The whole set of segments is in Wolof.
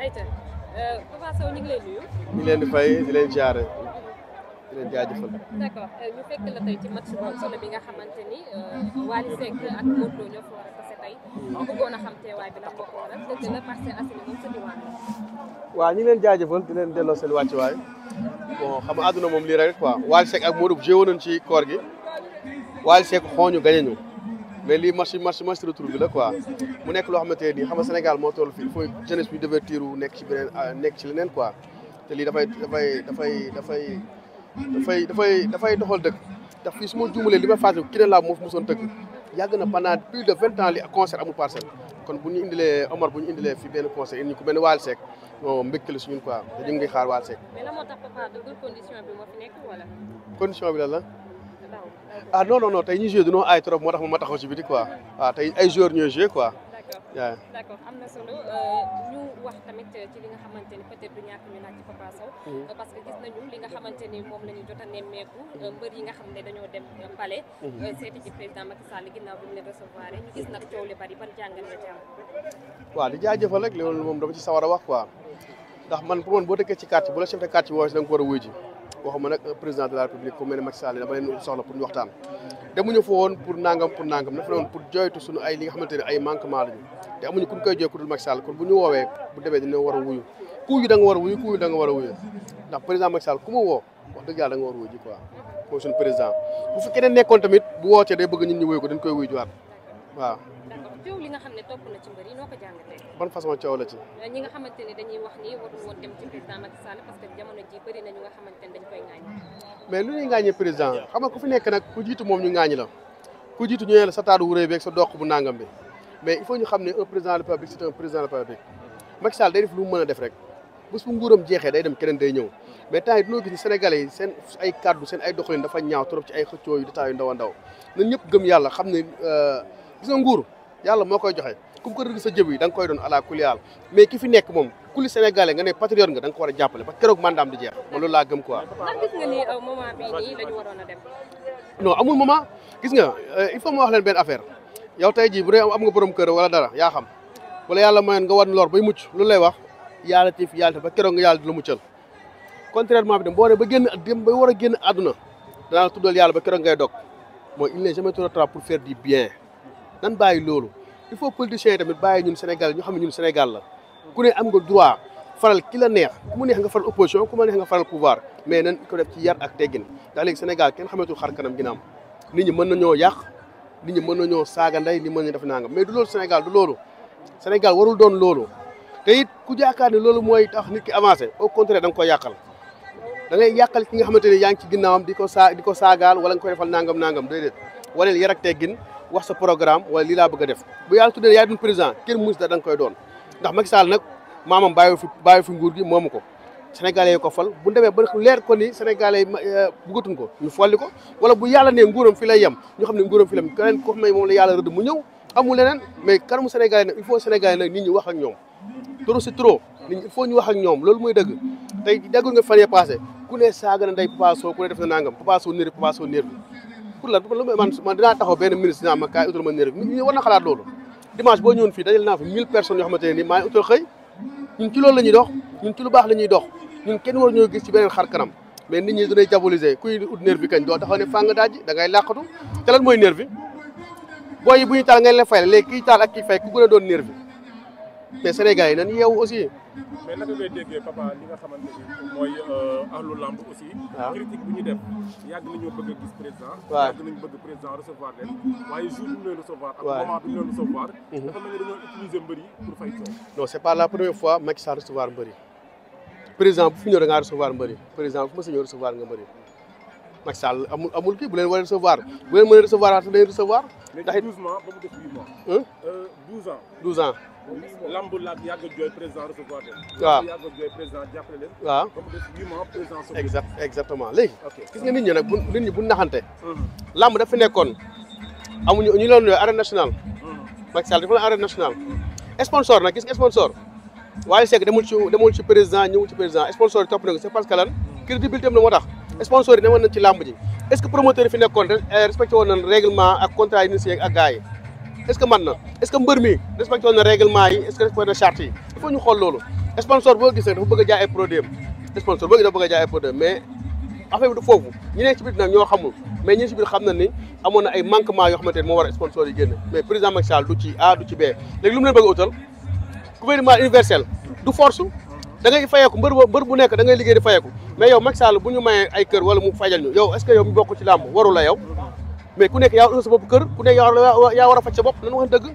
ayca euh, Papa leen di fay di leen jaajëfal. Euh, ci match bu solo bi nga xamante ni euh, Wally xam teewaay leen jaajëfal di leen delloo seen wàccuwaay bon xam nga àdduna moom lii rek quoi Wally Seck ak Modou Lo jéewoon ci koor gi Wally Seck xooñu gañe mais lii match match match retour bi la quoi mu nekk loo xamante nii xam nga Sénégal moo toll fii fooy jeunesse bi divertir wu nekk ci beneen ah, nekk ci leneen quoi te lii dafay dafay dafay dafay dafay dafay dafay doxal dëkk ndax fii su ma li ma fàttali ki ne laa moo fi mosoon tëgg yàgg na pendant plus de vingt ans li concert amul parcelle kon bu ñu indilee Omar bu ñu indilee fii benn concert indi ko benn Waly Seck non mbégte la suñu quoi ngi xaar Waly la. ah non non non tey ñuy joué dañoo aay trop moo tax ma taxaw ci biti quoi waaw ah, tey ay joueurs ñooy joué quoi. d'accord am na solo euh, ñu wax tamit ci li nga xamante ni mhm. euh, moom la ñu a nemmeeku euh, mbër yi nga xam ne dañoo dem palais. Mhm. seeti ci président Macky Sall ginnaaw bi mu leen recevoir ñu gis nag coow li bari ban jàngat la ci am. waaw di jaajëfal rek loolu moom dama ci sawara a wax quoi ndax man pour man boo dëkkee ci quartier bu la chef de quartier wooyee da nga ko war a wuyu waxuma nag euh, président de la république ku mel ne Macky Sall dama leen soxla pour ñu waxtaan demuñu fa woon pour nangam pour nangam dafa ne woon pour joytu ay li nga xamante ne ay manquement lañu te amuñu kuñ koy joy ku dul Macky Sall kon bu ñu woowee bu demee dina war a wuyu ku yi da nga war a wuyu da président Macky Sall ku ma woo wax dëgg war a wuyu ji quoi président bu fi keneen nekkoon tamit bu wootee day bëgg ñun ñu wuyu ko dañ koy wuyu jiwaat waaw coow li nga xam ne topp na ci mbër yi noo ko jàngatee. ban façon coow la ci. Euh, ñi nga xamante ne dañuy wax ni warul woon na ñu fi nekk nag ku jiitu moom ñu ŋaañ la ku jiitu ñu ne sa taatu wuuree sa doq bu nangam bi mais il faut ñu xam ne un président de la République c'est un président de lu mën def rek bés bu nguuram jeexee day dem keneen day ñëw mais temps yi dinoo gis ne sénégalais yi seen ay kàddu seen ay doxalin dafa ñaaw trop ci ay xëccoo yu détails yu ndaw a ndaw ñëpp gëm yàlla xam ne euh, gis nga nguur yàlla moo koy joxe ku ko rëgg sa jëb yi da nga koy doon ala kulli yàlla mais ki fi nekk moom kuli sénégalais nga ne patriote nga da nga ko war a jàppale ba keroog mandaam di jeex ma loolu gis nga ni euh, moment nga euh, il faut ma wax leen benn affaire yow tey jii bu dee am nga borom kër wala dara yaa xam wala yàlla mayoon nga war lor bay mucc lu lay wax yàlla tiif yàlla ba keroog nga yàlla di la muccal contrairement bi dem boo ba génn dem ba war a génn àdduna danaa tuddal yàlla ba keroog ngay dog mooy il n'est jamais trop tard pour faire du bien nan bàyyi loolu il faut politiciens yi tamit bàyyi ñun Sénégal ñu xam ne ñun Sénégal la ku ne am nga droit faral ki la neex ku mu neex nga faral opposition ku mu neex nga faral pouvoir mais nan ko def ci yar ak teggin ndax léegi Sénégal kenn xamatul xar kanam ginnaaw nit ñi mën nañoo yàq nit ñi mën nañoo saaga ndey ni mën nañu def nangam mais du loolu Sénégal du loolu Sénégal warul doon loolu te it ku jaakaar ne loolu mooy tax nit ki avancé au contraire da nga koy yàqal da ngay yàqal ki nga xamante ne yaa ngi ci ginnaawam di ko saa di ko saagaal wala nga koy defal nangam nangam déedéet waleel yar ak teggin wax sa programme wala lii laa bëgg a def bu yàlla tuddee yaay doon président kenn muus da nga koy doon ndax Macky Sall nag maamam bàyyi fi bàyyi fi nguur gi moomu ko sénégalais yi ko fal bu demee ba leer ko ni sénégalais yi euh, bëggatuñ ko ñu folli ko wala bu yàlla ne nguuram fi lay yem ñu xam ne nguuram fi lay yem keneen ko xam ne moom la yàlla rëdd mu ñëw amul leneen mais kanamu sénégalais nag il faut sénégalais nag nit ñi wax ak ñoom trop c'est trop nit ñi il faut ñu wax ak ñoom loolu mooy dëgg tey déggul nga fan yee na day Papa Sow ku ne def pour lan man man dinaa taxaw benn ministre naa ma kaay utal ma nerf nit ñi war na xalaat loolu dimanche boo ñëwoon fii dajal naa fi mille personnes yoo xamante ne nii maa ngi utal ñun ci la ñuy dox ñun ci lu baax la ñuy dox ñun kenn war ñoo gis ci beneen xar kanam mais nit ñi danay diaboliser kuy ut nerf bi kañ doo taxaw ne fàng daaj da ngay làqatu te lan mooy nerf bi booy yi bu ñu taal ngay leen fay léegi kiy taal ak ki fay ku gën doon nerf bi mais Sénégal yi nañu yeewu aussi. mais naka ngay déggee papa li nga xamante ni mooy euh, ahlu lamb aussi. waaw ah. critique bu ñu def yàgg nañoo bëgg a gis président. bëgg président recevoir leen waaye jour bi ñu leen recevoir. ak moment bi ñu recevoir. Mhm. dafa mel ni dañoo la fois Macky Sall recevoir mbër yi président bu fi ñëw da ngaa recevoir mbër yi président fi mos a ñëw recevoir nga mbër yi Macky Sall amul amul kii bu a recevoir bu leen mën recevoir at dañuy recevoir. ndax it ba mu def huit mois. douze euh, douze ans. lamb laaj yàgg a jooy président recevoir leen. waaw yàgg mhm. dafa nekkoon amuñu ñu loon yooyu arène nationale. Mhm. Macky Sall dafa la nag gis waaye Seck demul président ñëwul président sponsor yi topp na ko c'est parce que lan mhm. ci lamb ji est-ce que promoteur yi fi nekkoon respecté woon nañ règlement ak contrat yi initié ak est-ce que man na est-ce que mbër mi respecté na règlement yi est-ce que respecté na yi il ñu xool loolu sponsor boo gis nag dafa bëgg a jaay ay produit am boo gis dafa bëgg a jaay ay produit mais affaire ñoo xamul mais ñi xam na ni amoon na ay manquement yoo xamante ne moo war a sponsor yi génn mais président Macky Sall du ci A du ci B léegi lu mu leen bëgg a utal gouvernement universel du force da fayeeku mbër mbër bu nekk da liggéey di fayeeku mais yow Macky Sall bu ñu mayee ay kër wala mu fajal ñu yow est-ce que yow mi bokk ci làmb waru yow mais ku nekk yaa war sa bopp kër ku nekk a faj sa bopp nañu wax dëgg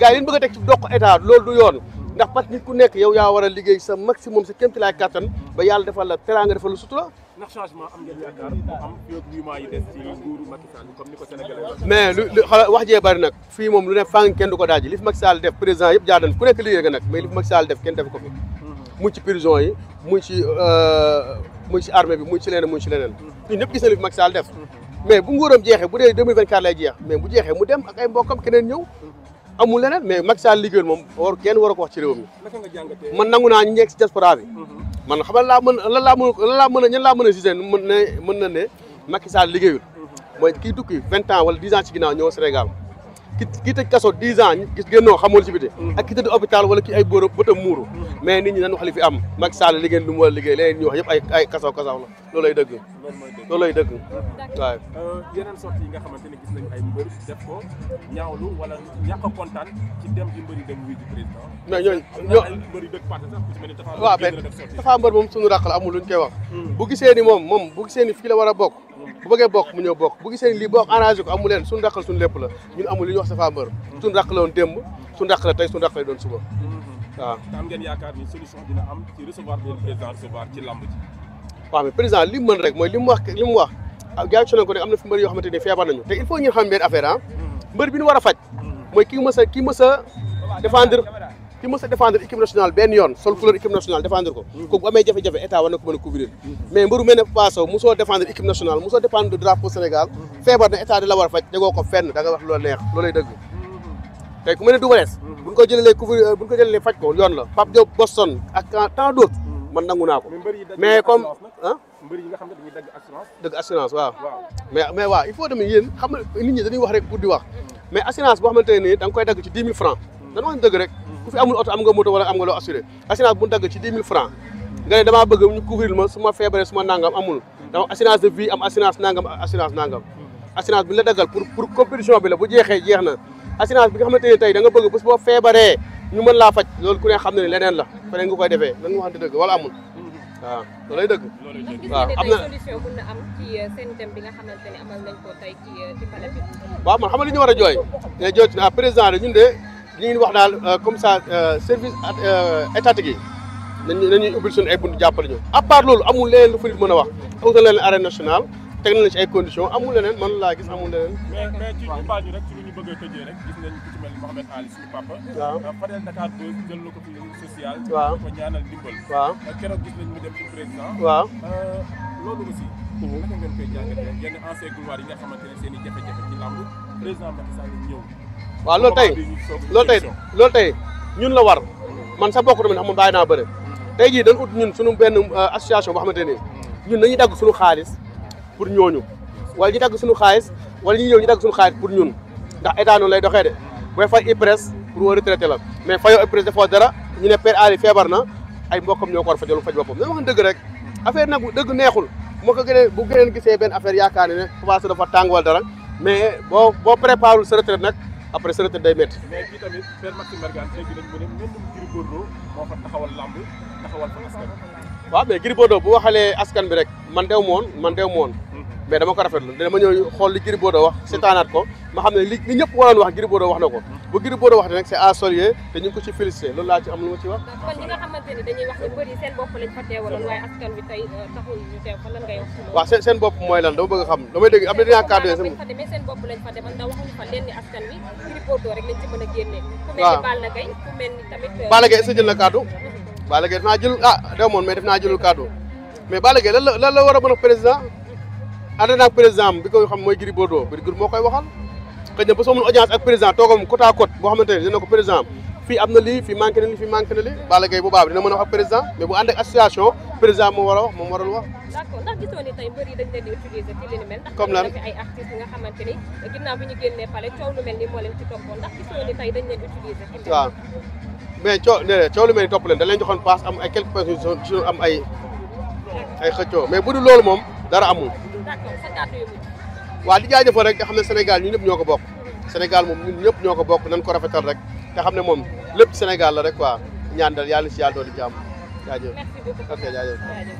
gars yi leen bëgg teg ci doq état loolu du yoon ndax parce nit ku nekk yow yaa war a liggéey sa maximum sa kéemtalaay kattan ba yàlla defal la teraanga defal la sutura ndax changement am ngeen yaakaar am yi des comme ni ko sénégalais mais wax jee bari nag fii moom lu ne fàng kenn du ko daaji li fi Macky Sall def président yëpp jaadan ku nekk liggéey nga nag mais li fi Macky Sall def kenn def ko fi mhm. ci prison yi muy ci euh, muy ci armée bi muy ci leneen muy ci leneen mhm. ñun ñëpp gis mais bu nguuram jeexee bu dee 2024 lay jeex mais bu jeexee mu dem ak ay mbokkam keneen ñëw mhm. amul leneen mais Macky Sall liggéeyul moom war kenn war a ko wax ci réew mi man nangu naa ñu nekk si diaspora bi mhm. man xamal laa mën lan laa mën lan laa mën a ñan laa mën a gisee mën ne mën na ne Macky Sall liggéeyul mhm. mooy kii tukki vingt ans wala dix ans ci ginnaaw ñëw Sénégal ki ki kaso dix ans gis xamul ci biti mm. ak ki tëdd hôpital wala ki ay góor muuru mm. mais nit ñi nan wax am Macky Sall liggéey lu mu war a liggéey leneen ñu wax yëpp ay euh, yi nga xamante ne mbër ni dafa waaw mais dafa mbër moom suñu raq la amul luñ koy wax mm. bu gisee ni moom moom bu gisee ni fii la war a bokk bu bëggee bokk mu ñëw bokk bu gisee ni lii bokk arrangé ko amu leen suñu raqal suñu lépp la ñun amul wax Safa Mbeur suñu raq la woon démb suñu raq la tey suñu raq lay doon suba mm-hmm. waaw am ngeen mën rek mooy li wax jaay so ko am na fi mbër yoo xamante ni te il faut ñu xam affaire ah. mm-hmm. mbër bi ñu a faj mm-hmm. mooy kii mës a kii mës a ki mës a défendre équipe nationale benn yoon sol couleur équipe nationale défendre ko hmm. kooku bu amee jafe-jafe état war na ko mën a couvrir hmm. mais mbëru mel ne Papa Sow équipe nationale mosoo défendre drapeau Sénégal hmm. feebar na état di la war a faj ko fenn da wax loolu neex loolay dëgg tey ku ne Double Less ko jëlee euh, faj ko yoon la Pape Diop Boston ak tant d'autres man nangu naa ko mais comme ah mbër assurance dagg mais mais waaw il faut ku fi amul oto am nga moto wala am nga loo assuré assurance bu dagg ci 10 000 francs nga ne damaa bëgg ñu ma su ma feebaree su ma nangam amul dama assurance de vie am assurance nangam assurance nangam assurance bi la daggal pour pour compétition bi la bu jeexee jeex na assurance bi nga xamante ne tey da nga bëgg bés boo feebaree ñu mën laa faj loolu ku ne xam na ne leneen la feneen nga koy defee lan nga waxante dëgg wala amul waaw loolay dëgg. am na solution mën na euh, bi nga xamante ne amal nañ ko tey euh, ñu war a jooy. day jooy li wax daal euh, comme ça euh, service euh, étatique yi nañu nañuy ubbil suñu ay bunt jàppale ñu à part loolu amul leneen lu fa nit mën a wax awutal leen arène national teg nañ ci ay conditions amul man laa gis amul leneen. mais mais ci ñu a tëjee rek euh, ko fi social. waaw ko ñaanal dimbal. waaw euh, keroog gis nañ mu euh, mhm. i jafe-jafe ci làmb président Macky Sall tey loolu tey loolu tey ñun la war man sa bokk tamit xam nga bàyyi naa bëre. Mhm. te jii dañ ut ñun sunu benn association boo xamante ne mhm. ñun dañuy dagg suñu xaalis pour ñooñu wala ñu dagg suñu xaalis wala ñu ñëw ñu dagg suñu xaalis pour ñun ndax état lay doxee de booy fay IPRES pour woo retraité la mais fayoo IPRES defoo dara ñu ne Père Ali feebar na ay mbokkam ñoo ko war fajal faj boppam na waxan dëgg rek affaire nag bu dëgg neexul moo ko gënee bu gëneen gisee benn affaire yaakaar ne ne commencé dafa tàng wala dara mais boo boo préparul sa retraite nag après sa retraite day métti mais kii tamit Père Maxime fa taxawal lamb taxawal waaw mais Gris Bordeaux bu waxalee askan bi rek man dew moon man dew moon mais dama ko rafet rafetlu dama ñëw xool li Gris Bordeaux wax seetaanaat ko ma xam ne li li ñëpp waroon wax Gris wax na ko bu Gris Bordeaux wax ne nag c'est à saluer ko ci félicité loolu laa ci am lu ma ci wax kon seen bopp lañ lan ngay wax waaw seen seen bopp mooy lan dama bëgg xam damay dégg am na dinaa kàddu mais seen bopp lañ fa a génne ku mel jël na kàddu Balla Gaye def naa jël ah dew moon mais def naa jëlul kàddu mais Balla Gaye lan la war a mën a président ànd naa ak président bi ko xam mooy Gris Bordeaux Gris moo koy waxal xëy na ba soo audience ak président toogam côte à boo xamante ne dina président fii am na lii fii manqué na lii fii manqué na lii Balla Gaye mën a wax ak président mais bu ànd ak association président moo war a wax moom warul wax. d'accord ndax gisoo ni tey mbër yi utiliser ci li ni mel. ndax ay artistes mais coo nee coow lu ni topp leen da leen joxoon paas am ay quelques personnes yu am ay ay xëccoo mais bu du loolu moom dara amul. waaw di jaajëfal rek nga xam ne Sénégal ñun ñëpp ñoo ko bokk Sénégal moom ñun ñëpp ñoo ko bokk nañ ko rafetal rek nga xam ne moom lépp Sénégal la rek quoi ñaan dal yàlla si yàlla doon di jàmm jaajëf ok jaajëf